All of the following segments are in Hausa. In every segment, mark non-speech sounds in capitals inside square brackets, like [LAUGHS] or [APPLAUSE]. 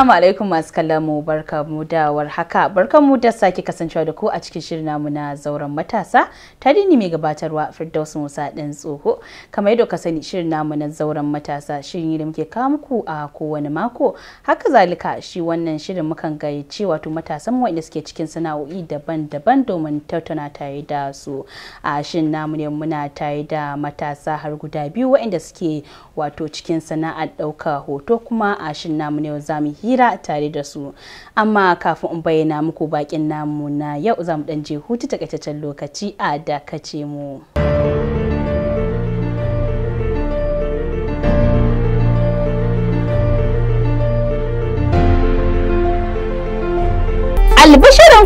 Assalamu alaikum masu kallon mu barka mu da warhaka barka mu da sake kasancewa da ku a cikin shirin namu na zauren matasa tare ni mai gabatarwa Firdaus Musa ɗan tsoho kamar yadda ka sani shirin namu na zauren matasa shirin da muke kawo muku a kowane mako haka zalika shi wannan shirin mukan gayyaci wato matasan mu wanda suke cikin sana'o'i daban-daban domin tattauna tare da su a shirin namu ne muna tare da matasa har guda biyu wanda suke wato cikin sana'ar ɗauka hoto kuma a shin namu yau za mu hira tare da su amma kafin in bayyana muku bakin namu na yau za mu ɗan je hutu takaitaccen lokaci a dakace mu.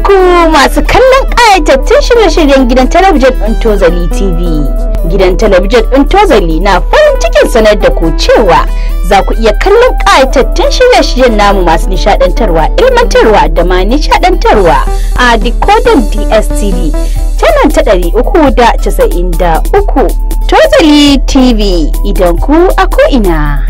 ku masu kallon ƙayatattun shirye-shiryen gidan talabijin ɗin tozali tv gidan talabijin ɗin tozali na farin cikin sanar da ku cewa za ku iya kallon ƙayatattun shirye-shiryen namu masu nishaɗantarwa ilmantarwa da ma nishaɗantarwa a decoding dstv canan ta ɗari uku da casa'in da uku tozali tv idan ku a ina.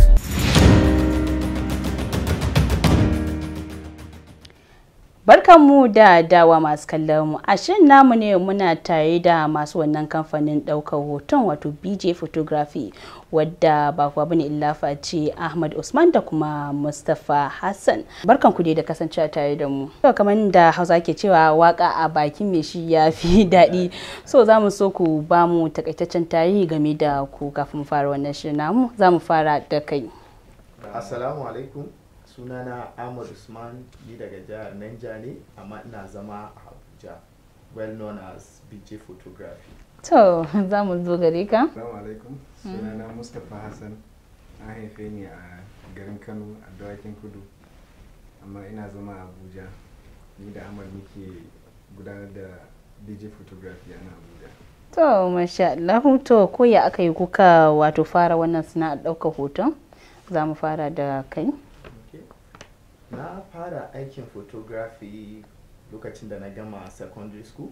barkan mu da dawa masu kallon mu a namu ne muna tare da masu wannan kamfanin daukar hoton wato BJ Photography wadda ba kuwa bane illa face Ahmad Usman da kuma Mustapha Hassan. Barkan ku dai da kasancewa tare da mu. Yau kamar da Hausa ke cewa waka a bakin me shi ya fi [LAUGHS] daɗi. So za mu so ku ba mu takaitaccen tarihi game da ku kafin fara wannan shirin namu. Za mu fara da kai. Assalamu alaikum. sunana ahmad usman ni daga jihar Niger ne amma ina zama a abuja well known as bj photography to [LAUGHS] za mu zo gare ka assalamu alaikum hmm. sunana mustapha hassan an haife ni a garin kano a dawakin kudu amma ina zama a abuja ni da ahmad muke gudanar da bj photography a abuja to masha Allah to ko ya aka yi kuka wato fara wannan sana'ar ɗaukar hoton za mu fara da kai na fara aikin photography lokacin da na gama secondary school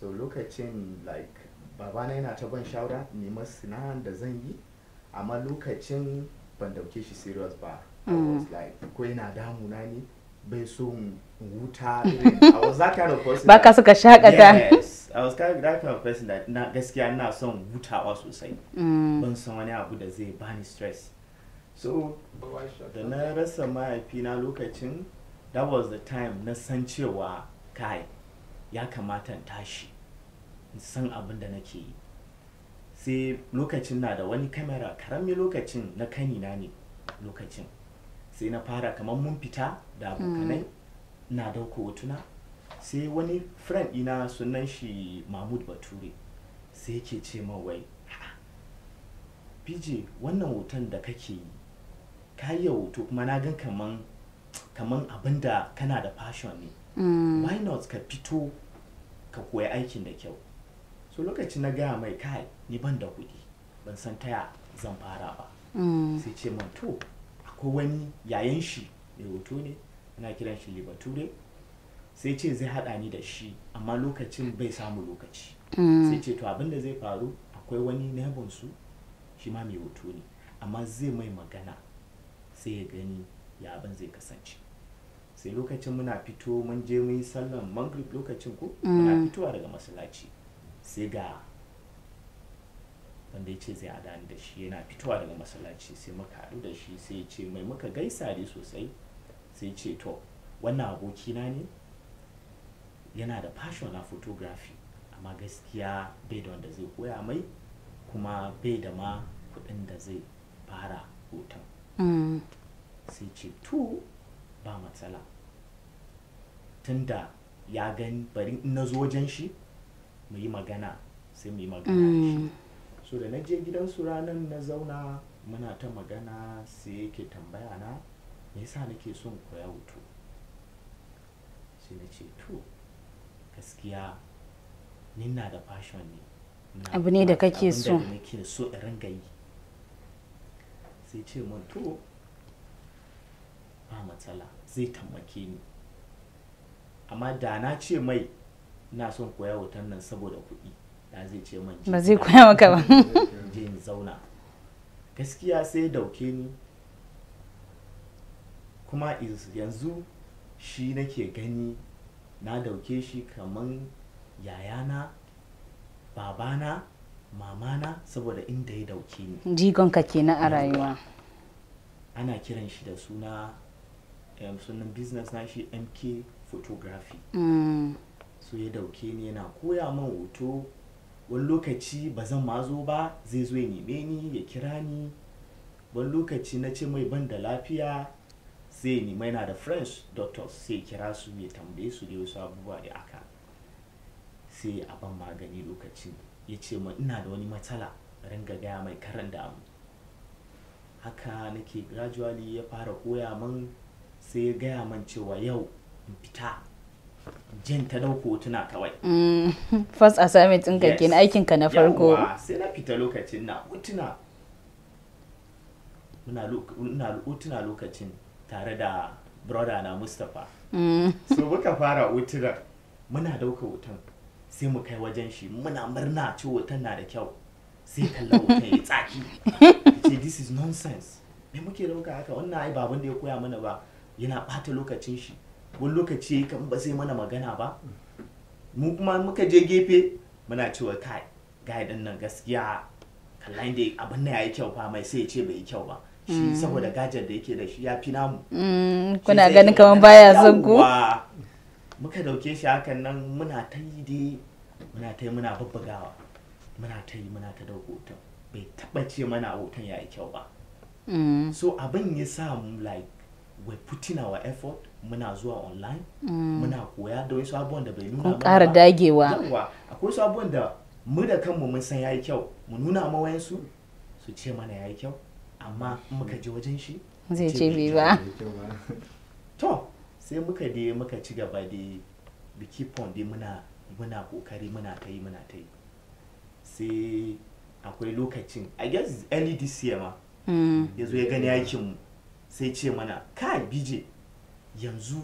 so lokacin like babana yana ta ban shawara neman sana'ar da zan yi amma lokacin ban dauke shi serious ba I mm. was like ko yana damuna ne bai so huta I was that kind of person baka suka shakata I was kind of that kind of person that na gaskiya ina son hutawa sosai mm. ban san wani abu da zai bani stress so da na rasa mahaifina lokacin that was the time na san cewa kai ya kamata tashi in san abin da nake yi sai lokacin na da wani kamera karami lokacin na kanina ne lokacin sai na fara kamar mun fita da abokanai hmm. na dauko hotuna sai wani friend ina sunan shi mahmud bature sai yake ce wai pj wannan hoton da kake yi ka hoto kuma na gan kaman kaman abin da kana da fashion ne mm. why not ka fito ka koya aikin da kyau so lokacin na gaya mai kai ni ban da kuɗi ban san taya zan fara ba mm. sai ce man to akwai wani yayan shi mai hoto ne ana kiran shi libature sai ce zai haɗa ni da shi amma lokacin bai samu lokaci mm. sai ce to abin da zai faru akwai wani nabon su shi ma mai hoto ne amma zai mai magana sai ya gani ya abin zai kasance sai lokacin muna fito mun je mun yi sallan mangrib lokacin ko muna mm. fitowa daga masallaci sai ga wanda ya ce zai hada ni da shi yana fitowa daga masallaci sai muka hadu da shi sai ya ce mai muka gaisa ne sosai sai ce to wannan abokina ne yana da fashion na photography amma gaskiya bai da wanda zai koya mai kuma bai da ma kuɗin da zai fara hoton Mm. sai ce to ba matsala tunda ya gani bari in na zo wajen shi mu yi magana sai mu yi magana shi mm. so da na je gidan su ranar na zauna muna ta magana sai yake tambaya na me yasa nake son koya hutu sai na ce to gaskiya ni na da fashion ne abu ne da kake so nake so in ringa sai ce mun to ba matsala zai tammake ni amma da na ce mai na son koya hoton nan saboda kuɗi da zai ce man ba zai koya maka ba [LAUGHS] je ni zauna gaskiya sai dauke ni kuma yanzu shi nake gani na dauke shi kaman yayana babana mamana saboda inda ya dauke ni jigon ka kenan a rayuwa ana kiran shi da suna eh, sunan business na shi mk photography mm. so ya dauke ni yana koya man hoto wani lokaci ba zan ma ba zai zo ya neme ni ya kira ni wani lokaci na ce mai ban da lafiya sai nima yana da french doctors sai kira su ya tambaye su da wasu abubuwa da aka sai a ban magani lokacin ya ce ma ina da wani matsala ringa gaya mai karan damu haka nake gradually ya fara koya min sai ya gaya min cewa yau in fita jin ta dauko hotuna kawai mm, [LAUGHS] first assignment ɗin kake na aikin ka na farko sai na fita lokacin na hotuna muna hotuna lokacin tare da brother na mustapha mm. so muka fara hotuna muna dauka hoton sai mu kai wajen shi muna murna ce wutan na da kyau sai kallon wutan ya tsaki ce this is nonsense me muke dauka haka wannan ai baban da ya koya mana ba yana bata lokacin shi wani lokaci ya yi kan ba sai mana magana ba mu kuma muka je gefe muna cewa kai ga din nan gaskiya kallon da abin ya yi kyau fa mai sai ya ce bai yi kyau ba shi mm. saboda gajar da yake da shi ya fi namu mm, kuna ganin kamar baya zango muka dauke shi hakan nan muna ta yi dai muna ta yi muna babbagawa muna ta yi muna ta dauko hoton bai taba ce mana hoton ya yi kyau ba mm. so abin ya sa mu like we put in our effort muna zuwa online mm. muna koya da wasu abubuwan da bai nuna ba ƙara dagewa akwai wasu abubuwan da mu da kanmu mun san yayi kyau mu nuna ma wayansu su ce mana yayi kyau amma muka je wajen shi zai ce bai ba [LAUGHS] sai muka dai muka ci gaba da biki muna muna kokari muna ta yi muna ta yi sai akwai lokacin i guess early this year ma mm. ya zo ya gani aikin mu sai ce mana ka bije yanzu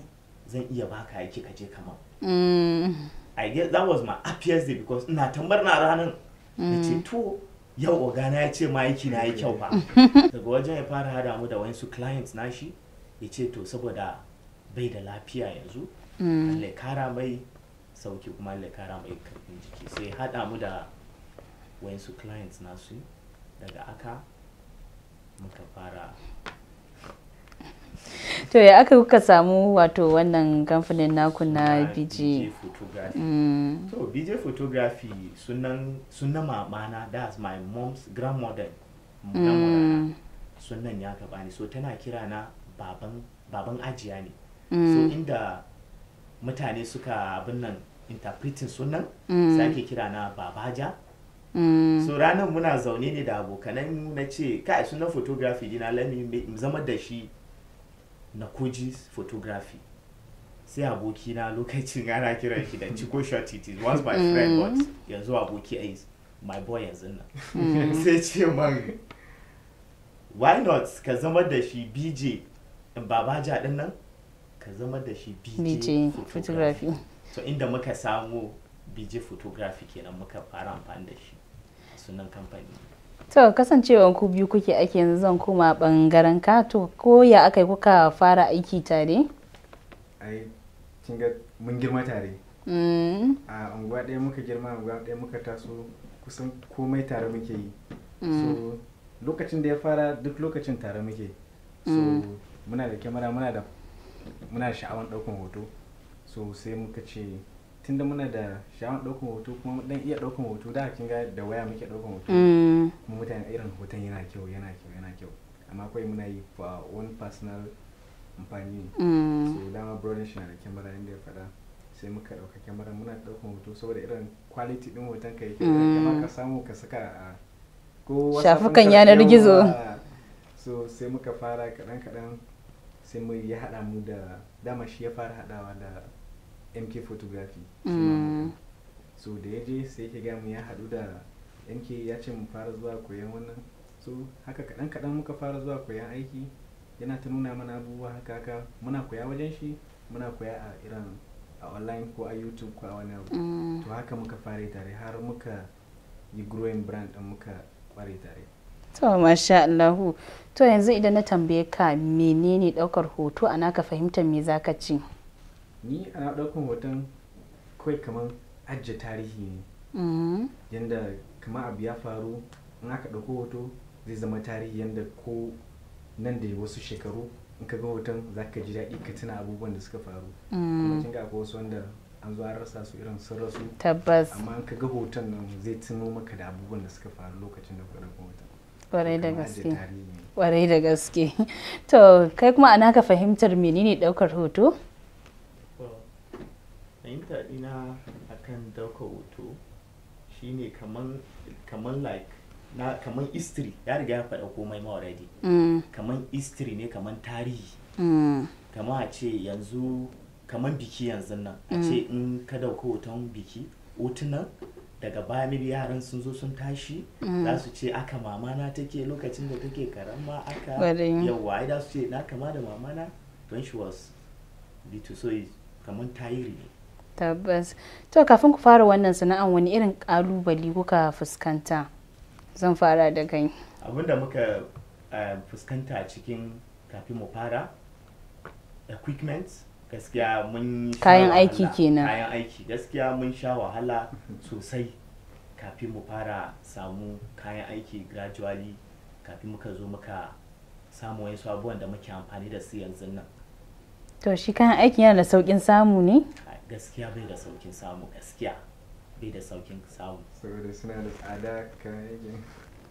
zan iya baka aiki kaje kaman kamar mm. i guess that was my happiest day because ina tambar na ranar da ce mm. to yau ogana ya ce ma aiki na yi kyau ba [LAUGHS] daga wajen ya fara hada mu da su clients nashi ya ce to saboda bai da lafiya yanzu mm. Allah ya kara mai sauki kuma Allah ya kara mai karfin jiki sai haɗa mu da wayansu clients nasu daga aka muka fara to ya aka kuka samu wato wannan kamfanin naku na bj so bj photography sunan sunan mamana that's my mom's grandmother mm. sunan ya gaba ne so tana kira na baban ajiya ne so mm. inda mutane suka abin nan interpreting sunan mm. sake kira na babaja mm. so ranar muna zaune ne da abokanan na ce kai suna photography dina lami zama da shi na koji photography sai aboki na lokacin ana kiran shi da [LAUGHS] chiko short it is once my friend but yanzu aboki is my boy yanzu nan [LAUGHS] sai ce man why not ka zama da shi bj babaja din nan ka zama da shi bj photography so inda muka samu bj photography kenan muka fara amfani da shi sunan kamfani to kasancewan ku biyu kuke ake yanzu zan koma bangaren ka to ko ya aka yi kuka fara aiki tare ai kin ga mun girma tare mm. a unguwa ɗaya muka girma unguwa ɗaya muka taso kusan komai tare muke yi mm. so lokacin da ya fara duk lokacin tare muke so mm. muna da kyamara muna da muna sha'awar ɗaukan hoto so sai muka ce tunda muna da sha'awar ɗaukan hoto kuma dan iya ɗaukan hoto da kin ga da waya muke ɗaukan hoto mm. kuma mutane irin hoton yana kyau yana kyau yana kyau amma kawai muna yi for one personal amfani mm. so dama brother shi na da kyamara inda ya faɗa sai muka ɗauka kyamara muna ɗaukan hoto saboda irin quality ɗin hoton ka yake mm. ka samu ka saka a ko shafukan yanar gizo so sai muka fara kaɗan-kaɗan sai mu ya haɗa mu da dama shi ya fara haɗawa da mk photography mm. so da ya je sai ke mu ya haɗu da mk ya ce mu fara zuwa koyan wannan so haka kaɗan kaɗan muka fara zuwa koyan aiki yana ta nuna mana abubuwa haka haka muna koya wajen shi muna koya a irin a online ko a youtube ko a wani abu mm. to haka muka fara tare har muka yi growing brand ɗin muka kware tare to masha Allahu to yanzu idan na tambaye ka menene daukar hoto ana ka fahimtar me zaka ce ni ana daukar hoton kawai kamar ajiye tarihi ne mm-hmm. yanda kamar abu ya faru in aka dauko hoto zai zama tarihi yanda ko nan da wasu shekaru in ka ga hoton zaka ji daɗi ka tuna abubuwan da suka faru mm-hmm. kuma kin akwai wasu wanda an zo an rasa su irin sun rasu tabbas amma in ka ga hoton nan zai tuno maka da abubuwan da suka faru lokacin da ka dauko hoton kwarai da gaske kwarai da gaske to kai kuma ana ka fahimtar menene daukar hoto fahimta ina akan daukar hoto shine kaman kaman like na kaman history ya riga ya faɗa komai ma already mm. kaman history ne kaman tarihi mm. kaman a ce yanzu kaman biki yanzu nan a mm. ce in ka dauka hoton biki hotunan daga baya maybe yaran sun zo sun tashi mm. za su ce aka mamana take lokacin da take karama aka yawa ai za su ce na kama da mamana when she was little so kamar tayiri ne tabbas to kafin ku fara wannan sana'an wani irin kalubale kuka fuskanta zan fara da kai abinda muka eh, fuskanta cikin kafin mu fara equipment gaskiya mun kayan aiki kenan kayan aiki gaskiya mun sha wahala sosai kafin mu fara samu kayan aiki gradually kafin muka zo muka samu wani abubuwan da muke amfani da su yanzu nan to shi kayan aiki yana da saukin samu ne gaskiya bai da saukin samu gaskiya bai da saukin samu saboda suna da tsada kayan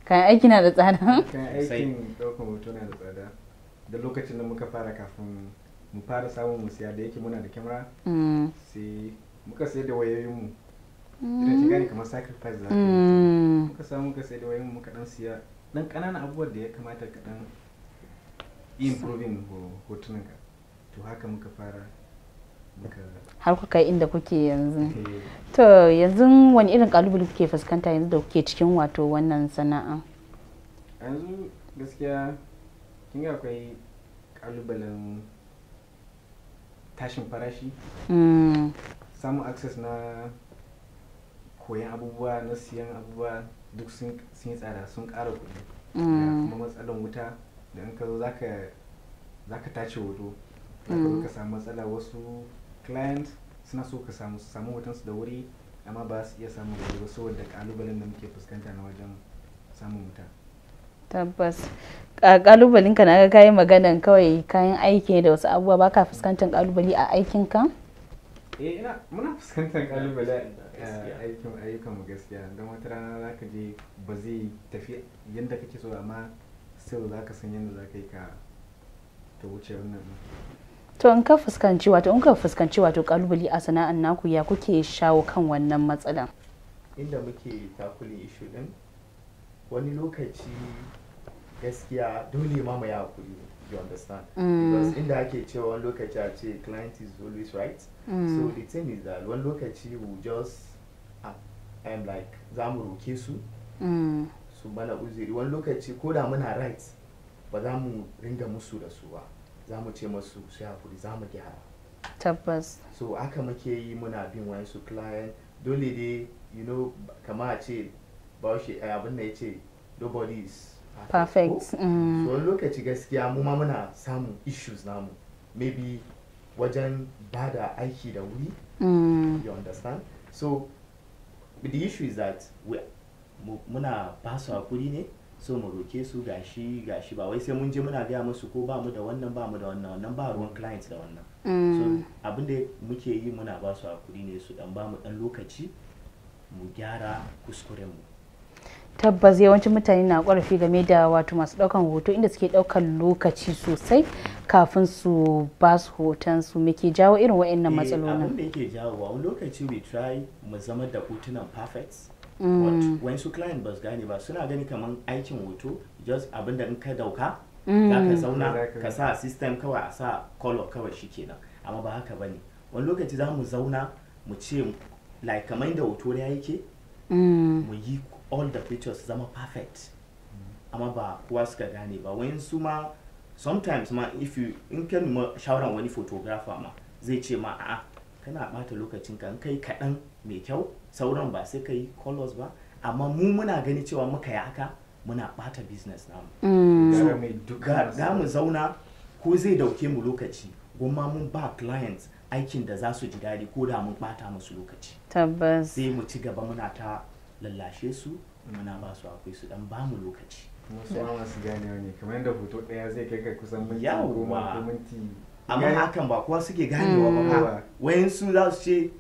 kayan aiki na da tsada kayan aikin ɗaukar hoto na da tsada da lokacin da muka fara kafin mu fara samun mu siya da yake muna da kyamara mm. sai muka sayar da wayoyinmu idan ki gane kamar sacrifice za mm. muka samu muka sai da wayoyinmu muka dan siya dan kananan abubuwan da ya kamata ka dan improving hotunanka to haka muka fara har kuka inda kuke yanzu eh. to yanzu wani irin kalubale kuke fuskanta yanzu da kuke cikin wato wannan sana'a yanzu gaskiya kin akwai kalubalen tashin farashi hmm. samun access na koyan abubuwa na siyan abubuwa duk sun yi tsada sun ƙara kuɗi hmm. kuma matsalar wuta da in ka zo za ka tace wado za hmm. ka samu matsala wasu client suna so ka samu wutansu da wuri amma ba su iya samun wuri ba saboda ƙalubalen da muke fuskanta na wajen samun wuta tabbas kalubalen ka na ga kayan maganan kawai kayan aiki da wasu abubuwa ba ka fuskantar kalubale a aikin ka eh, ina muna fuskantar kalubale a aikin ayyukan mu gaskiya don wata rana za ka je ba zai tafi yadda kake so amma still za ka san yadda za ka yi ka ta wuce wannan to in ka fuskanci wato in ka fuskanci wato kalubale a sana'an naku ya kuke shawo kan wannan matsalan inda muke takulin ishu din wani lokaci gaskiya dole ma mu ya hakuri you understand mm. because inda ake cewa wani lokaci a ce client is always right mm. so the thing is that wani lokaci we just am ah, like za mu roke su mm. su mana uziri wani lokaci ko da muna right ba za mu ringa musu da su ba za mu ce masu su hakuri za mu gyara tabbas so haka muke yi muna bin wayansu client dole dai you know kama a ce baushe eh, abin da ya ce nobody is perfect mm. so wani lokaci gaskiya mu ma muna samun issues namu maybe wajen bada aiki da wuri mm. you understand so the issue is that we muna ba su hakuri ne so mu roke su gashi gashi ba wai sai mun je muna gaya musu ko ba mu da wannan ba mu da wannan wannan ba ruwan client da wannan so mm. abin da muke yi muna ba su hakuri ne su dan ba mu dan lokaci mu gyara kuskuren mu tabbas yawancin mutane na ƙorafi game da wato masu ɗaukan hoto inda suke ɗaukan lokaci sosai kafin su ba su hoton su muke jawo irin waɗannan eh, matsalolin abin da yake jawo wani lokaci we try mu zama da hotunan perfect mm. wani su client ba su gane ba suna gani kamar aikin hoto just abin da in ka dauka za ka mm. zauna ka sa system kawai a sa color kawai shi kenan amma ba haka bane wani lokaci za mu zauna mu ce like kamar da hoto ya yake mm. mu yi all the pictures zama perfect mm-hmm. amma ba kowa suka gane ba wayan su ma sometimes ma if you in ka ma shawaran wani photographer ma zai ce ma a'a kana bata lokacin ka kai kaɗan mai kyau sauran ba sai kai colors ba amma mu muna gani cewa muka yi haka muna bata business namu mm. ga mu zauna ko zai dauke mu lokaci goma mun ba clients aikin da za su ji daɗi ko da mun bata musu lokaci tabbas sai mu ci gaba muna ta lallashe su muna ba su akwai su dan bamu lokaci musu ma masu ganewa ne kamar yadda hoto daya zai kai ka kusan minti goma ko minti amma hakan ba kowa suke ganewa ba mm. su za su ce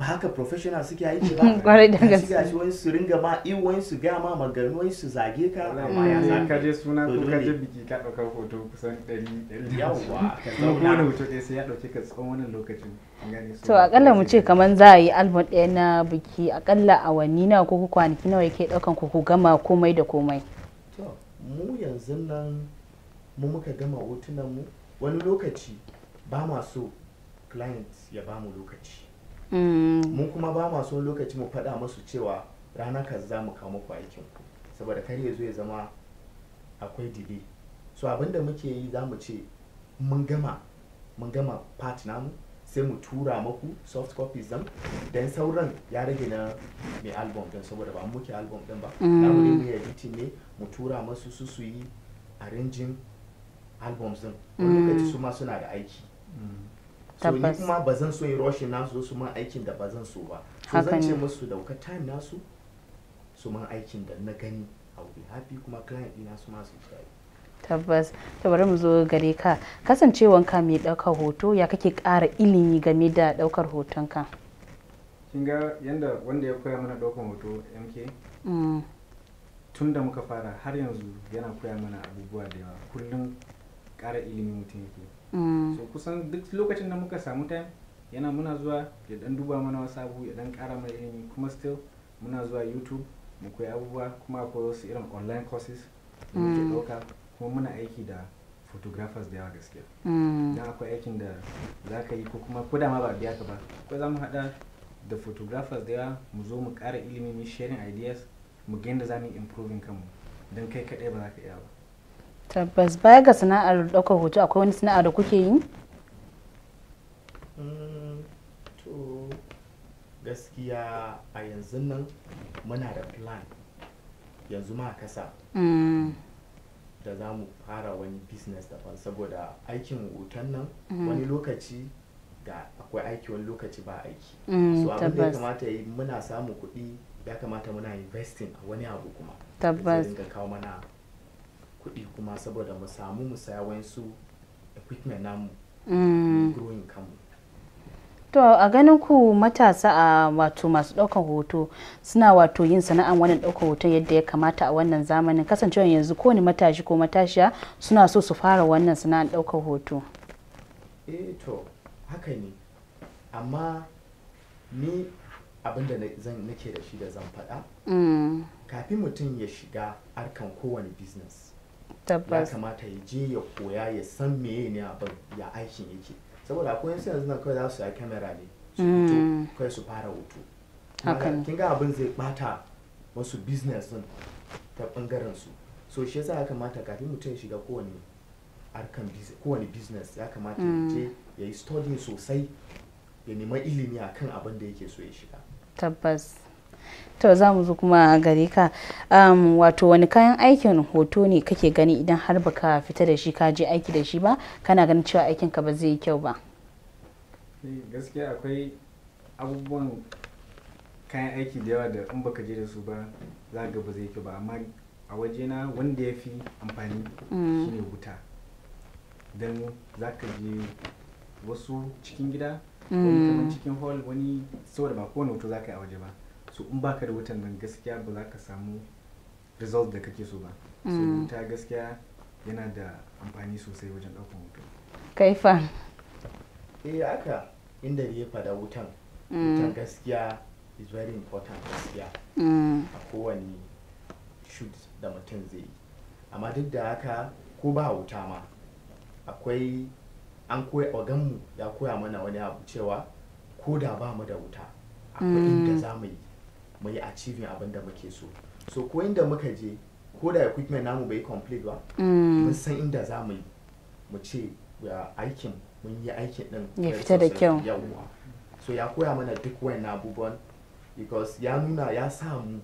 ba haka professional suke aiki ba [LAUGHS] kwarai da gaske shi wani su ringa ma wani su ga ma maganu wani su zage ka amma ya san ka je suna ko ka je biki ka dauka hoto kusan 100 yawa ka zauna ko hoto dai sai ya dauke ka tsawon wani lokaci to akalla mu ce kaman za a yi album ɗaya na biki akalla awanni nawa ko kwanaki nawa yake daukan ku ku gama komai da komai to mu yanzu nan mu muka gama hotunan mu wani lokaci ba ma so client ya ba mu lokaci Mm. mun kuma ba ma so lokaci mu faɗa musu cewa rana kaza za mu kawo muku aikin ku saboda kar ya zo ya zama akwai delay so abinda muke yi za mu ce mun gama mun gama part namu sai mu tura maku soft copies din dan sauran ya rage na mai album din saboda ba muke album din ba za mu mm. ne mu editing ne mu tura masu su su yi arranging albums din wani mm. lokaci su ma suna da aiki so ni kuma ba zan so yi roshin nasu su ma aikin da ba zan so ba so zan ce musu dauka time nasu su ma aikin da na gani a will happy kuma client ɗina su ma su ji tabbas ta bari mu zo gare ka kasancewanka mai ɗaukar hoto ya kake ƙara ilimi game da ɗaukar hotonka kin ga yanda wanda ya koya mana ɗaukar hoto mk mm. tun da muka fara har yanzu yana koya mana abubuwa da yawa kullum ƙara ilimi mutum yake Mm. so kusan duk lokacin da muka samu time yana muna zuwa ya dan duba mana wasu abu ya dan kara mana ilimi kuma still muna zuwa youtube mu koyi abubuwa kuma akwai wasu irin online courses da muke mm. ɗauka kuma muna aiki da photographers da yawa gaskiya mm. dan akwai aikin da za ka yi ko kuma ko dama ma ba biya ka ba ko za mu haɗa da photographers da yawa mu zo mu ƙara ilimi mu sharing ideas mu ga yadda za mu yi improving kanmu don kai kaɗai ba za ka iya ba tabbas baya ga sana'ar ɗaukar hoto akwai wani sana'a da kuke yi mm, to gaskiya a yanzu nan muna da plan yanzu ma kasa mm. da za mu fara wani business daban saboda aikin hoton nan mm. wani lokaci ga akwai aiki wani lokaci ba aiki so abin da ya kamata yi muna samun kuɗi ya kamata muna investing a wani abu kuma tabbas kawo mana kuɗi kuma saboda mu samu mu saya wayansu equipment namu mm. growing kanmu to a ganin ku matasa a wato masu ɗaukar hoto suna wato yin sana'an wannan ɗaukar hoton yadda ya kamata a wannan zamanin kasancewa yanzu kowane matashi ko matashiya suna so su fara wannan sana'an ɗaukar hoto eh to haka ne amma ni abinda nake da shi da zan faɗa mm. kafin mutum ya shiga harkan kowane business tabbas ya kamata ya je ya koya ya san meye ne abin ya aikin yake saboda akwai yansu yanzu nan kawai za su yi kamera ne su fito mm. kawai su fara hoto kin ga abin zai bata wasu business din ta bangaren su so shi yasa ya kamata kafin mutum ya shiga kowane harkan kowane business ya kamata ya je mm. ya yi study sosai ya nema ilimi akan abin da yake so ya shiga tabbas to za mu zo kuma gare ka um, wato wani kayan aikin hoto ne kake gani idan har baka fita da shi ka je aiki da shi ba kana ganin cewa aikin ka ba zai yi kyau ba eh, gaskiya akwai abubuwan kayan aiki da yawa da in baka je da su ba za ga ba zai kyau ba amma a wajena wanda ya fi amfani mm. shine wuta don za ka je wasu cikin gida wani mm. cikin hall wani saboda ba kowane wuto za ka yi a waje ba Su in baka da wutan nan gaskiya ba za ka samu result da kake so ba so mm. ta gaskiya yana da amfani sosai wajen ɗaukan hoto kaifa eh haka inda ya fada wutan mm. wutan gaskiya is very important gaskiya mm. a kowane shoot da mutum zai yi amma duk da haka ko ba wuta ma akwai an koya mu ya koya mana wani abu cewa ko da ba mu da wuta akwai inda za mu yi mu yi achieving abin da muke so so ko inda muka je ko da equipment namu bai complete ba mm. mun san inda za mu yi mu ce aikin mun yi aikin din ya fita da kyau yawwa so ya koya mana duk wayan abubuwan because ya nuna ya sa mu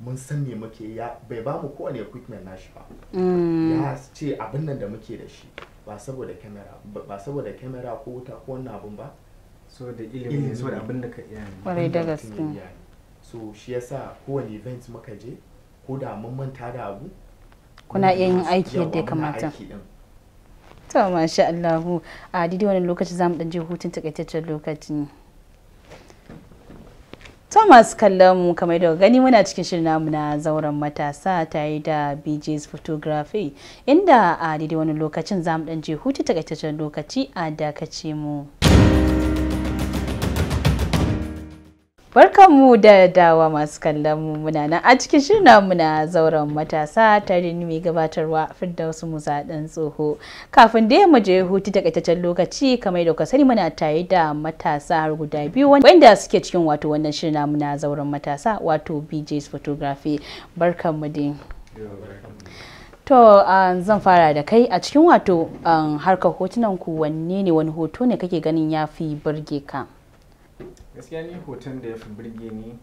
mun san me muke ya bai ba mu kowane equipment nashi ba mm. ya ce abin nan da muke da shi ba saboda camera ba saboda camera ko wuta ko wannan abun ba so da ilimin so abin da ka iya kwarai da gaske so shi yasa kowane event muka je ko da mun manta da abu kuna iya yin aiki yadda ya kamata to masha Allah a didi wannan lokaci zamu dan je hutun takaitaccen lokaci Thomas kallon mu kamar da gani muna cikin shirin namu na zauren matasa yi da BJ's Photography inda a daidai wani lokacin zamu dan je hutu takaitaccen lokaci a dakace mu. Barkanmu da dawa masu kallon mu muna nan a cikin shirin muna zauren matasa tare ni mai gabatarwa Firdausu Musa dan tsoho. Kafin da mu je hutu kaitaccen lokaci kamar da kasari muna tare da matasa har guda biyu wanda suke cikin wato wannan shirin muna zauren matasa wato BJ's Photography. Barkanmu dai. To zan fara da kai a cikin wato um, harkar hotunan ku wanne ne wani hoto ne kake ganin ya fi burge ka? gaskiya ni hoton da ya fi birge ni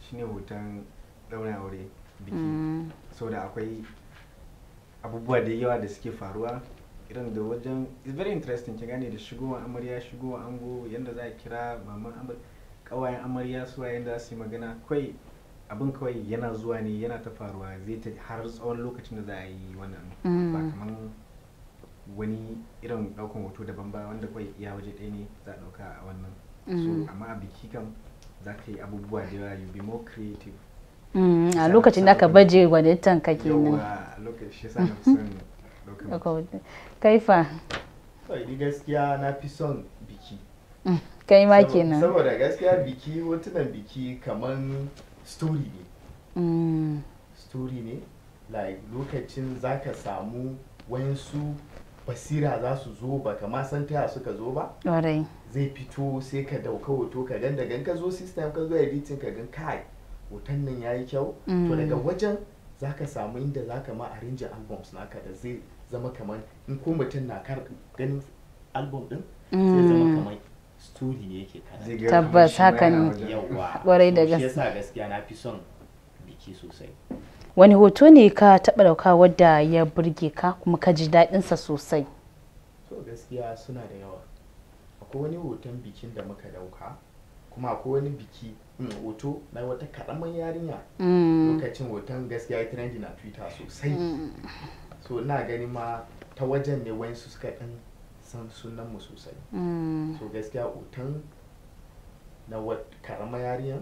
shine hoton ɗaurin aure biki mm. saboda akwai abubuwa da yawa da suke faruwa irin da wajen it's very interesting ki gane da shigowa amarya shigowa ango yadda za a kira maman kawayen amarya suwa yadda za su yi magana kai abin kawai yana zuwa ne yana ta faruwa zai ta har tsawon lokacin da za a yi wannan mm. ba kamar wani irin daukan hoto daban ba wanda kawai iya waje ɗaya ne za a dauka a wannan Mm. amma a biki kam za ka yi abubuwa da yawa you be more creative mm, a lokacin da aka baje gwanintan ka ke nan kaifa ni gaskiya na fi son biki mm, kai ma kenan saboda gaskiya biki hotunan biki kamar story ne story ne like lokacin za ka samu wayansu basira za su zo ba kama san taya suka zo ba zai fito sai ka dauka hoto ka gan daga ka zo system ka zo editing ka gan kai hoton nan yayi kyau to mm. daga wajen zaka samu inda zaka ma arrange albums naka da zai zama kamar in ko mutum na kar ganin album din zai zama mm. kamar story ne yake kana tabbas haka ne [LAUGHS] kwarai da gaske yasa gaskiya na fi son biki sosai wani hoto ne ka taba dauka wadda ya burge ka kuma ka ji daɗinsa sosai to gaskiya suna da yawa akwai wani hoton bikin da muka dauka kuma akwai wani biki mm, hoto na wata karamin yarinya lokacin mm. hoton gaskiya ya trending na twitter sosai mm. so na gani ma ta wajen ne su suka ɗan san sunan mu sosai so gaskiya hoton na karama yarinya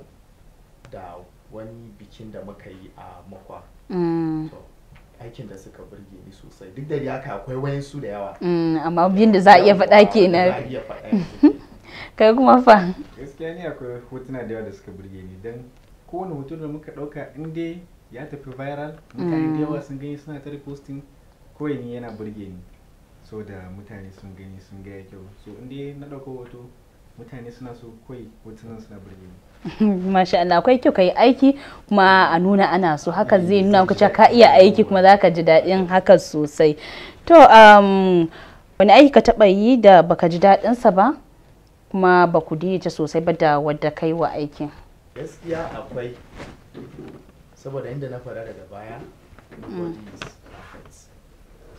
da wani bikin da muka yi a makwa aikin da suka burge ni sosai duk da haka akwai wayan su da yawa mm, amma biyun da za a iya faɗa ke na [LAUGHS] kai kuma fa gaskiya ne akwai hotuna da yawa da suka burge ni dan kowane hoton da muka ɗauka in dai ya tafi viral mutane da yawa sun gani suna ta reposting kawai ni yana burge ni so da mutane sun gani sun ga ya kyau so in dai na ɗauka hoto mutane suna so kawai hotunan suna burge ni [LAUGHS] Masha Allah akwai kyau yi aiki kuma a nuna ana so hakan zai nuna maka cewa ka iya aiki kuma za ka ji daɗin hakan sosai. To um, wani aiki ka taɓa yi da baka ji daɗinsa ba kuma ba ku daidaita sosai ba da wadda kai wa aikin. Gaskiya akwai saboda inda na fara daga baya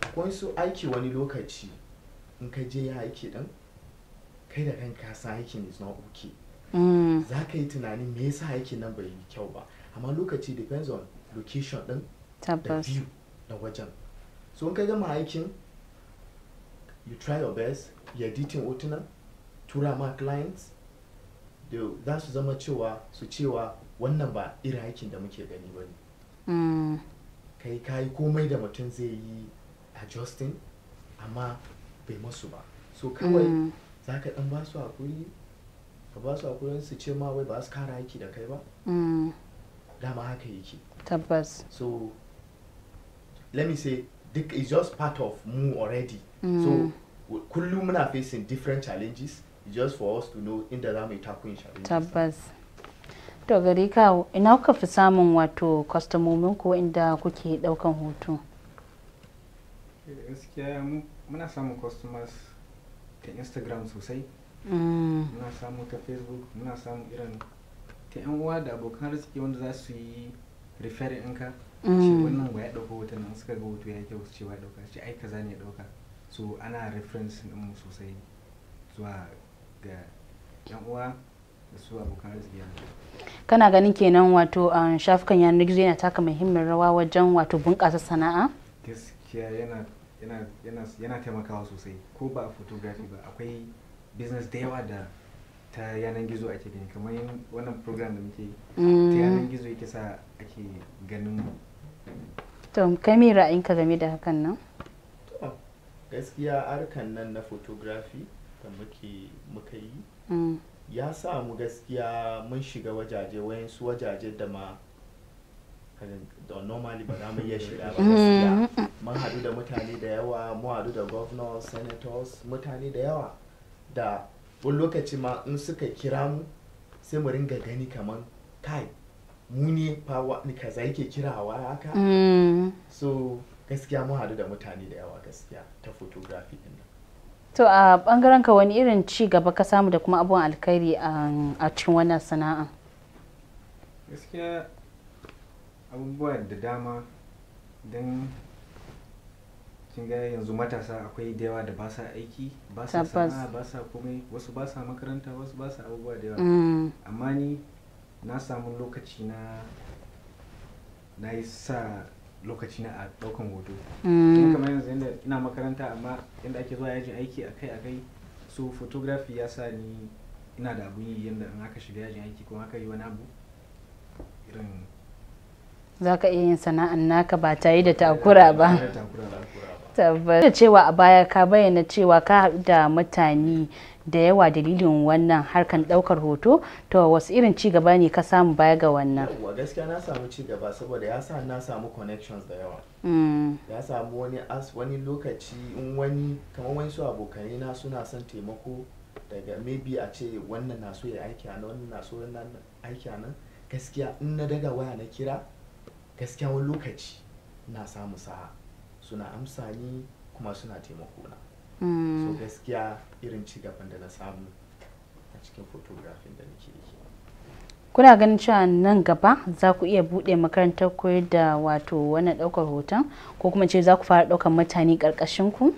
akwai su aiki wani lokaci in ka je ya aiki din kai da kanka san aikin is not okay. Mm. za ka yi tunanin me yasa yake nan bai yi kyau ba amma lokaci depends on location din da view na wajen so in ka gama aikin you try your best ya editing hotunan tura ma clients da za su zama cewa su cewa wannan ba irin aikin da muke gani ba ne mm. kai kayi komai da mutum zai yi adjusting amma bai masu ba so kawai mm. za ka dan ba su hakuri ka ba su hakurin su ce ma wai ba su kara aiki da kai ba mm. dama haka yake tabbas so let me say duk is just part of mu already mm. so kullum muna facing different challenges just for us to know inda za mu yi takun challenges tabbas to gari ka ina kuka fi samun wato kwastomomin ko inda kuke daukan hoto eh, gaskiya muna samun customers ta instagram sosai Mm. muna samu ta facebook muna samu irin ta yan uwa da abokan arziki wanda za su yi referring ɗinka mm. shi wannan ba ya ɗauka hoton nan suka ga hoto ya kyau su ce ba ya dauka shi ai kaza ne ya dauka so ana reference ɗin mu sosai zuwa ga yan uwa da su abokan arziki kana ganin kenan wato shafukan yanar gizo yana taka muhimmin rawa wajen wato bunƙasa sana'a gaskiya yana yana yana taimakawa sosai ko ba a photography ba akwai business da yawa da ta yanar gizo ake gani kamar yin wannan program da muke ta mm. yanar gizo yake sa ake ganin mu to kai ra'ayinka game da hakan nan gaskiya harkan nan na photography da muke muka yi mm. ya samu gaskiya mun shiga wajaje wayansu wajaje da ma da normally ba za mu iya shiga ba gaskiya mm. mun haɗu da mutane da yawa mu hadu da governors senators mutane da yawa da wani lokaci ma in suka kira mu sai mu ringa gani kamar kai mu ne ni kaza yake kirawa haka mm. so gaskiya mu haɗu da mutane da yawa gaskiya ta photography din nan to a bangaren ka wani irin ci gaba ka samu da kuma abun alkhairi a cikin wannan sana'a gaskiya abubuwa da dama don kin ga yanzu matasa akwai da yawa da ba sa aiki ba sa sana'a ba sa komai wasu ba sa makaranta wasu ba sa abubuwa da yawa mm. amma ni na samu lokaci na na yi sa lokaci na a daukan hoto mm. kuma kamar yanzu yadda ina makaranta amma yadda ake zuwa yajin aiki akai akai so photography ya sa ni ina da abun yi yadda in aka shiga yajin aiki kuma aka yi wani abu irin za ka iya yin sana'an naka ba ta yi da takura ba Tabbas. Da cewa a baya ka bayyana cewa ka haɗu da mutane da yawa dalilin wannan harkan daukar hoto to wasu irin ci gaba ne ka samu baya ga wannan. wa gaskiya na samu ci gaba saboda ya sa na samu connections da yawa. Mm. Ya samu wani as wani lokaci in wani kamar wani su abokanai na suna son taimako daga maybe a ce wannan na so ya aiki a wannan na so wannan aiki a gaskiya in na daga waya na kira gaskiya wani lokaci na samu sa'a suna amsa ni kuma suna taimako na so mm. gaskiya irin cigaban da na samu a cikin fotografin da nake yi kuna ganin cewa nan gaba za ku iya buɗe makarantar koyar da wato wannan ɗaukar hoton ko kuma ce za ku fara ɗaukar mutane karkashin ku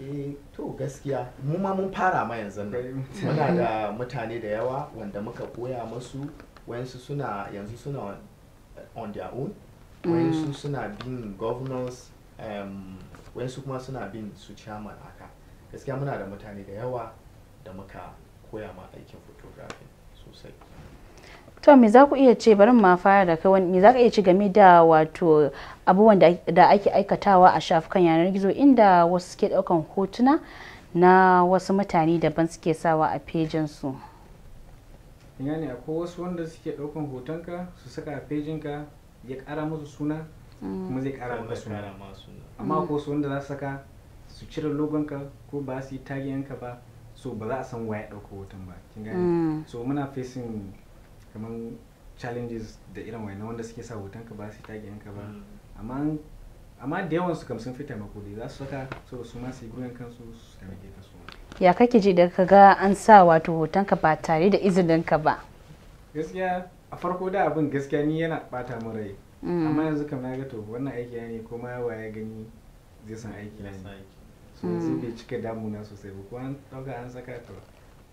eh to gaskiya mu ma mun fara ma yanzu muna da mutane da yawa wanda muka koya musu wayansu suna yanzu suna on their own mm. wayansu suna bin governors su kuma suna bin su chairman aka gaskiya muna da mutane da yawa da muka koya ma aikin photography sosai to me za ku iya ce barin ma fara da kai me za ka iya ci game da wato abubuwan da ake aikatawa a shafukan yanar gizo inda wasu suke daukan hotuna na wasu mutane daban suke sawa a pejin su ne akwai wasu wanda suke daukan hotonka su saka a pejinka ya kara musu suna Mm. kuma zai kara maka suna amma mm. ko su wanda za su saka su cire logon ka ko ba su yi tagiyan ka ba so ba za a san waya dauko hoton ba kin gane mm. so muna facing kamar challenges da irin wayannan wanda suke sa hoton ka ba su yi tagiyan ka ba amma amma da yawan su kam sun fi taimako dai za su saka so su ma su yi gurin kansu su taimake ka su ya kake ji da kaga an sa wato hoton ka ba tare da izinin ka ba gaskiya a farko da abin gaskiya ni yana bata min rai amma mm. yanzu kamar ya ga to wannan aiki ne kuma ya gani zai san aiki ne so su mm. bai cika damuna sosai ba kuma an ɗauka an saka to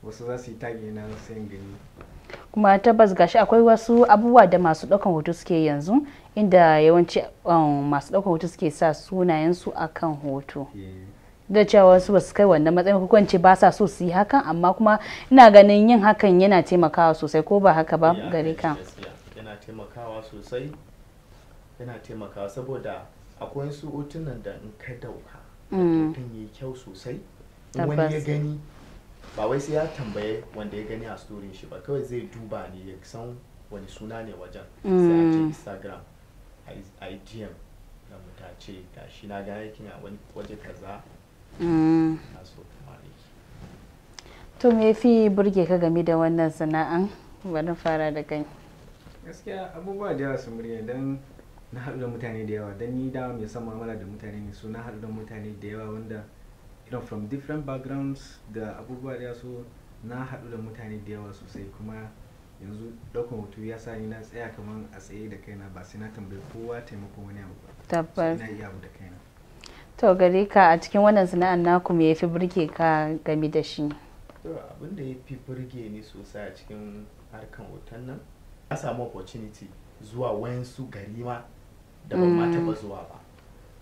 wasu za su yi tagi na sai gani kuma tabbas gashi akwai wasu abubuwa da masu ɗaukan hoto suke yanzu inda yawanci um, masu ɗaukan hoto suke sa sunayensu a kan hoto eh. da cewa wasu su kai wannan matsayin ce ba sa so su yi hakan amma kuma ina ganin yin hakan yana taimakawa sosai ko ba haka ba gare ka yana taimakawa sosai yana taimakawa saboda akwai su hotunan da in ka dauka mutum mm. ya kyau sosai wani ya gani ba wai sai ya tambaye wanda ya gani a storin shi ba kawai zai duba ne ya san wani suna ne wajen sai a ce mm. instagram a yi dm na mutace ga shi na gane wani waje kaza mm. na so kuma to me fi burge ka game da wannan sana'an bari fara da kai gaskiya abubuwa da yawa su murya don na haɗu da mutane da yawa don ni dama mai san mu'amala da mutane ne so na haɗu da mutane da yawa wanda you know from different backgrounds da abubuwa da so na haɗu da mutane da yawa sosai kuma yanzu ɗaukan hoto ya sa ni na tsaya kamar a tsaye da kaina ba sai na tambayi kowa taimako wani abu ba tabbas na iya abu da kaina to gare ka a cikin wannan sana'ar naku me yafi burge ka game da shi to abin da ya fi burge ni sosai a cikin harkan hoton nan na samu opportunity zuwa wayansu gari ma da ban ma mm. taba zuwa ba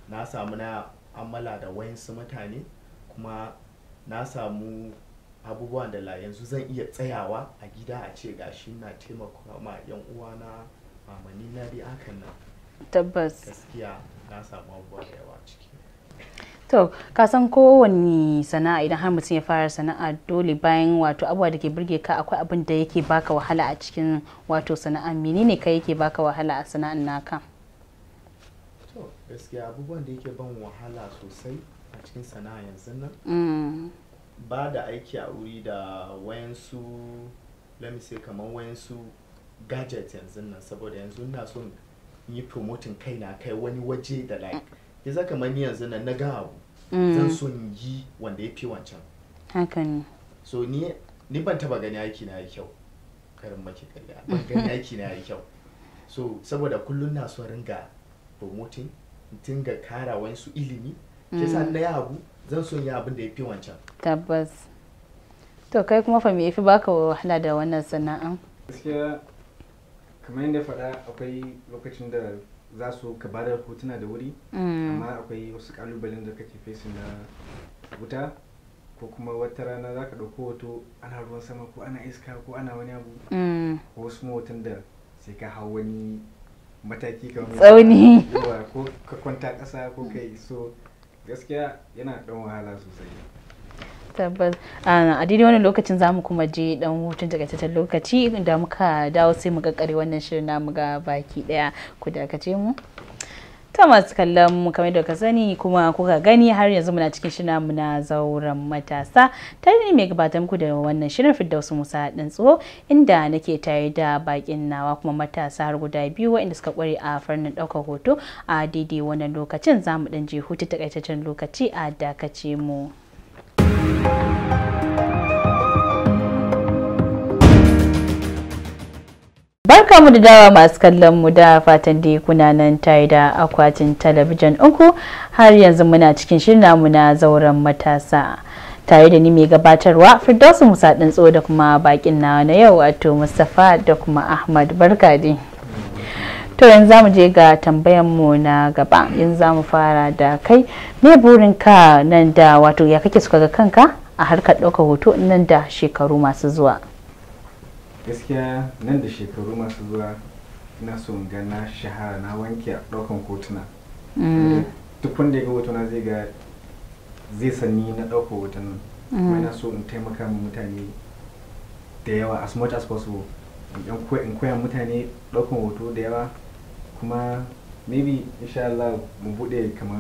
na samu na amala da wayansu mutane kuma na samu abubuwan da la yanzu zan iya tsayawa a gida a ce gashi na taimaka ma yan uwana mamani na bi hakan nan tabbas gaskiya na samu abubuwa da yawa ciki to ka san kowanne sana'a idan har mutum ya fara sana'a dole bayan wato abubuwa da ke burge ka akwai abin da yake baka wahala a cikin wato sana'a menene ka yake baka wahala a sana'an naka gaskiya abubuwan da yake ban wahala sosai a cikin sana'a yanzu nan mm. ba da aiki a wuri da wayansu let me kamar wayansu gadget yanzu nan saboda yanzu na so yi kai kaina kai wani waje da like ya za kamar ni yanzu nan na ga abu mm. zan so yi wanda ya fi wancan haka so ni ni ban taba gani aiki na yi kyau karin maki ban gani [LAUGHS] aiki na yi kyau so saboda kullun na so ringa promoting dinga kara wasu ilimi mm. shi sa na abu zan son ya abin da ya fi wancan tabbas to kai kuma fa me yafi baka wahala da wannan sana'a gaskiya kamar yadda faɗa akwai lokacin da za su ka bada hotuna da wuri mm. amma akwai wasu kalubalen da kake fesin na wuta ko kuma wata rana za ka ɗauko hoto ana ruwan sama ko ana iska ko ana wani abu mm. ko wasu motan da sai ka hau wani mataki kamar tsauni ko ka kwanta ƙasa ko kai so gaskiya yana dan wahala sosai tabbas a daidai wannan lokacin zamu kuma je dan hutun takaitaccen lokaci da muka dawo sai mu kakkare wannan shirin namu ga baki daya ku dakace mu ta masu kallon mu kamar da ka sani kuma kuka gani har yanzu muna cikin shirin mu zauren matasa ta ne mai gabatar muku da wannan shirin Firdausu Musa din tsoho inda nake tare da bakin nawa kuma matasa har guda biyu wanda suka kware a fannin ɗaukar hoto a daidai wannan lokacin zamu dan je hutu takaitaccen lokaci a dakace mu. Barka mu da dawa masu kallon mu da fatan da kuna nan tayi da akwatin talabijin uku har yanzu muna cikin shirin namu na zauren matasa. Tare da ni mai gabatarwa Firdausu Musa Dantso da kuma bakin na na yau wato Mustapha da kuma Ahmad Barka dai. To yanzu zamu je ga tambayan mu na gaba yanzu zamu fara da kai me burin ka nan da wato ya kake suka ga kanka a harkar ɗaukar hoto nan da shekaru masu zuwa. gaskiya nan da shekaru masu zuwa ina so gana ga na shahara na wanke a ɗaukan hotuna mm. duk wanda ya ga hotuna zai ga zai sani na daukan hotunan kuma mm. ina so in taimaka ma mutane da yawa as much as possible in koya mutane ɗaukan hoto da yawa kuma maybe insha Allah mu bude kamar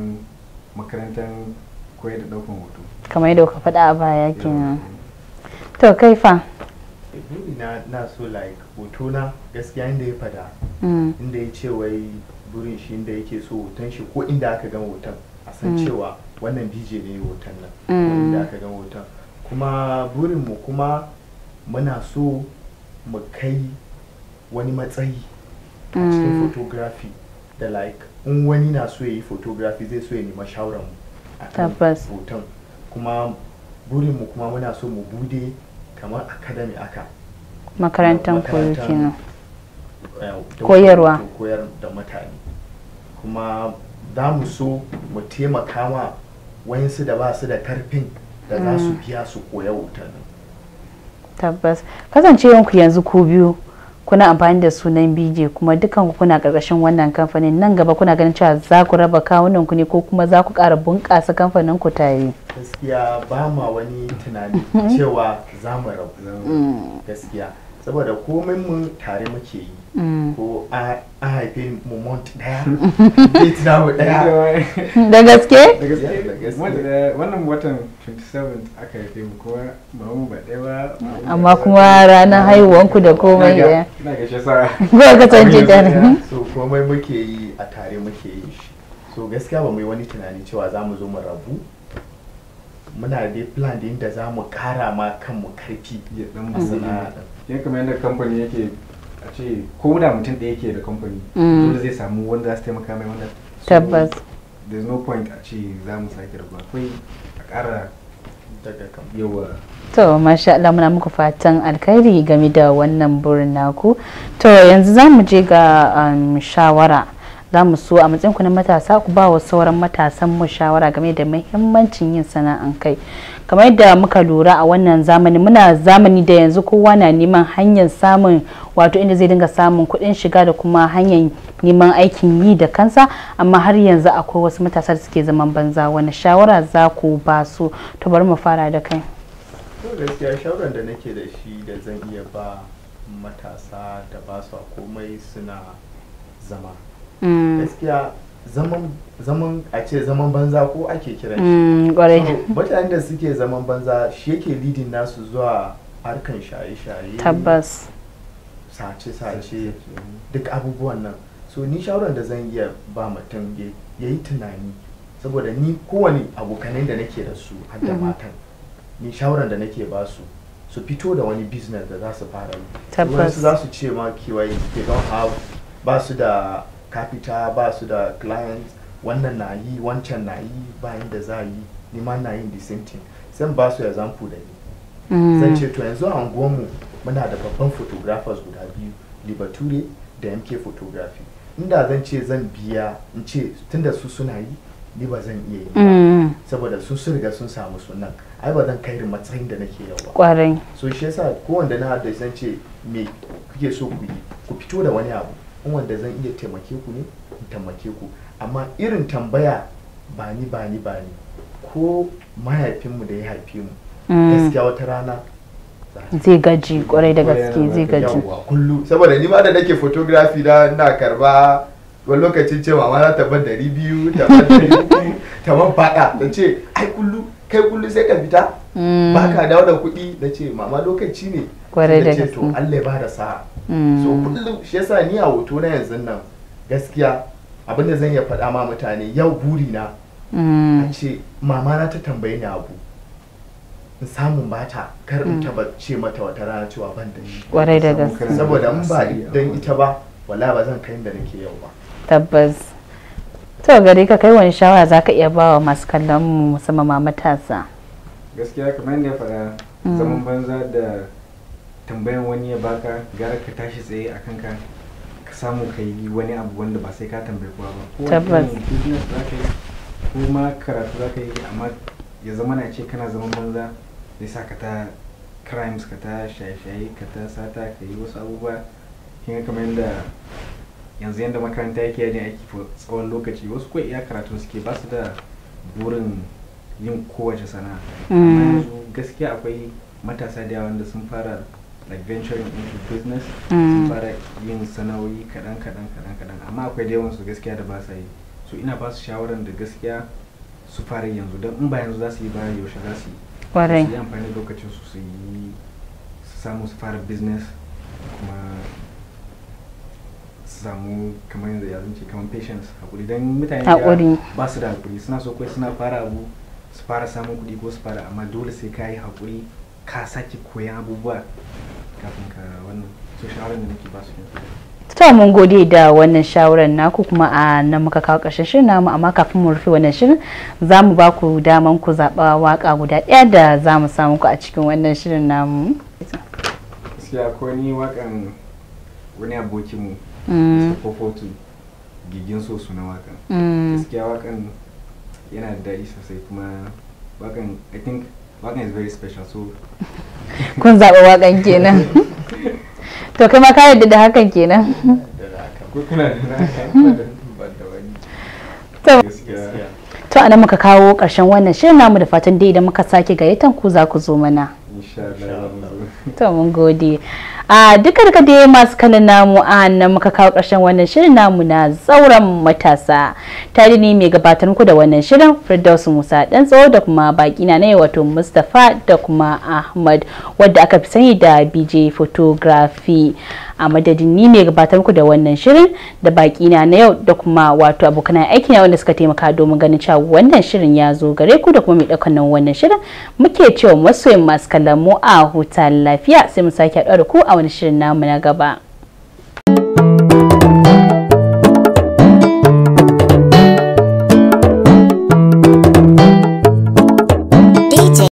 makarantar koyar da ɗaukan hoto kamar yadda ka faɗa a baya kenan to kai fa buri na na so like hoto gaskiya inda ya fada mm. inda ya ce wai burin shi inda yake so hoton shi ko inda aka gan hoton a san mm. cewa wannan dj ne hoton nan ko mm. inda aka gan hoton kuma burin mu kuma muna so mu kai wani matsayi a cikin photography da like in wani na so ya yi photography zai so ya nema shawarar mu a kan hoton kuma burin mu kuma muna so mu bude kamar academy aka makarantar koyo kenan eh, koyarwa koyar da mutane kuma za mu so mu taimaka ma wayansu da ba su da karfin da za su hmm. biya su koya wutar tabbas kasancewanku yanzu ku biyu kuna amfani da sunan bj kuma dukanku kuna karkashin wannan kamfanin nan gaba kuna ganin cewa za ku raba kawunan ku ne ko kuma za ku kara bunƙasa kamfanin ku tare gaskiya ba ma wani tunani [LAUGHS] cewa za mu rabu mm. gaskiya saboda komai mu tare muke yi ko a haife mu mont daya date namu daya da gaske wannan watan 27 aka haife mu kuma ba mu ba daya ba amma kuma ranar ku da komai daya na eh. ga shi sa [LAUGHS] ko ka canje tare so komai muke yi a tare muke yi so gaskiya ba mu yi wani tunani cewa za mu zo mu rabu muna da plan din da za mu kara ma kanmu karfi ya dan masana yan kamar yadda kamfani yake a ce ko da mutum ɗaya ke da kamfani mm. dole zai samu wanda za su taimaka mai wanda tabbas there's no point a ce za mu sake rabuwa akwai a ƙara daga yawa to masha Allah muna muku fatan alkhairi game da wannan burin naku to yanzu za mu je ga um, shawara za mu so a matsayin ku na matasa ku ba wa sauran matasan mu shawara game da muhimmancin yin sana'an kai kamar yadda muka lura a wannan zamani muna zamani da yanzu kowa na neman hanyar samun wato inda zai dinga samun kuɗin shiga da kuma hanyar neman aikin yi da kansa amma har yanzu akwai wasu matasa da suke zaman banza wani shawara za ku ba su to bari mu fara da kai gaskiya shawaran da nake da shi da zan iya ba matasa da ba su komai suna zama Mm. gaskiya zaman zaman a ce zaman banza ko ake kira shi mm, mutanen da suke zaman banza shi yake lidin nasu zuwa harkan shaye-shaye tabbas sace-sace duk abubuwan nan so ni shawaran da zan iya ba mutum ya yi tunani saboda ni kowane abokanai da nake da su har da mm. matan ni shawaran da nake ba su su fito da wani business da za su fara yi tabbas za su ce ma kewaye they don't have ba su da kapita ba su da clients wannan na yi wancan na yi bayan da za yi ni ma na yin the same thing zan ba su example da ni mm. zan ce to yanzu a mu muna da babban photographers guda biyu libature da mk photography inda zan ce zan biya in ce tunda su suna yi ni ba zan iya yi mm. saboda su sun riga sun samu sunan ai ba zan kai matsayin da nake yau ba kwarai so shi yasa kowanda na da zan ce me kuke so ku yi ku fito da wani abu in wanda zan iya taimake ku ne in taimake ku amma irin tambaya ba ni ba ni ba ni ko mahaifinmu da ya haife mu mm. gaskiya wata rana zai gaji kwarai da gaske zai gaji Kullu saboda ni ma da nake photography da na karba wani lokacin ce ma na taban dari biyu ta dari uku taban fada da ce ai kullu kai kullu sai ka fita mm. ba ka dawo da kuɗi da ce mama lokaci ne kwarai da gaske to Allah ya ba da sa'a so mm. kullum shi yasa ni a hoto na yanzu nan gaskiya abin da zan iya faɗa ma mutane yau buri na mm. a ce mama na ta tambaye ni abu in samu mata kar in mm. taba ce mata wata rana cewa ban da shi kwarai da gaskiya saboda in ba dan ita ba wala ba zan kai da nake yau ba tabbas to gari ka kai wani shawara zaka iya bawa masu kallon mu musamman ma matasa gaskiya kamar yadda ya faɗa zaman banza da tambayan wani ya baka gara ka tashi tsaye a kanka ka samu ka yi wani abu wanda ba sai ka tambayi kowa ba tabbas business za ka yi ko ma karatu za ka yi amma ya zama na ce kana zama banza zai sa ka ta crimes ka ta shaye-shaye ka ta sata ka yi wasu abubuwa kinga kamar yadda yanzu yadda makaranta yake yajin aiki tsawon lokaci wasu ko iya karatu suke ba su da burin yin kowace sana'a amma mm. yanzu gaskiya akwai matasa da yawa wanda sun fara like venturing into business ba mm. da yin sana'o'i kaɗan kaɗan kadan kadan amma akwai da yawansu gaskiya da ba sa yi so ina ba su shawaran da gaskiya su fara yanzu don in ba yanzu za su yi ba yaushe za su yi kwarai su yi amfani lokacin su su yi su samu su fara business kuma su samu kamar yanzu ya zance kamar patience hakuri don mutane da ba su da hakuri suna so kai suna fara abu su fara samun kuɗi ko su fara amma dole sai ka yi hakuri ka sake koyan abubuwa kafin ka wannan so shawarar da nake ba su ta mun gode da wannan shawarar naku kuma a nan muka kawo ƙarshen shirin namu amma kafin mu rufe wannan shirin za mu ba ku daman ku zaɓa waƙa guda ɗaya da za mu samu ku a cikin wannan shirin namu. gaskiya ko ni waƙan wani abokinmu fofotu mm. gigin so su na waƙan mm. gaskiya waƙan yana da daɗi sosai kuma waƙan i think wakan is very special so [LAUGHS] kun zaɓa wakan kenan [LAUGHS] to kai ma ka yadda da hakan kenan [LAUGHS] to ana muka kawo ƙarshen wannan shirin namu da fatan dai idan muka sake gayyatan ku za ku zo mana to mun gode a duka duka dai masu kanin namu a nan muka kawo ƙarshen wannan shirin namu na tsauran matasa tare ne mai gabatar muku da wannan shirin firdaus musa dan tsawo da kuma baki na ne wato mustapha da kuma ahmad wadda aka fi sani da bj photography a madadin ni ne gabatar ku da wannan shirin da baki na na yau da kuma wato abokan aiki na wanda suka taimaka domin ganin cewa wannan shirin ya zo gare ku da kuma mai daukan nan wannan shirin muke cewa masoyin masu kallon mu a hutan lafiya sai mu sake haɗuwa da ku a wani shirin namu na gaba.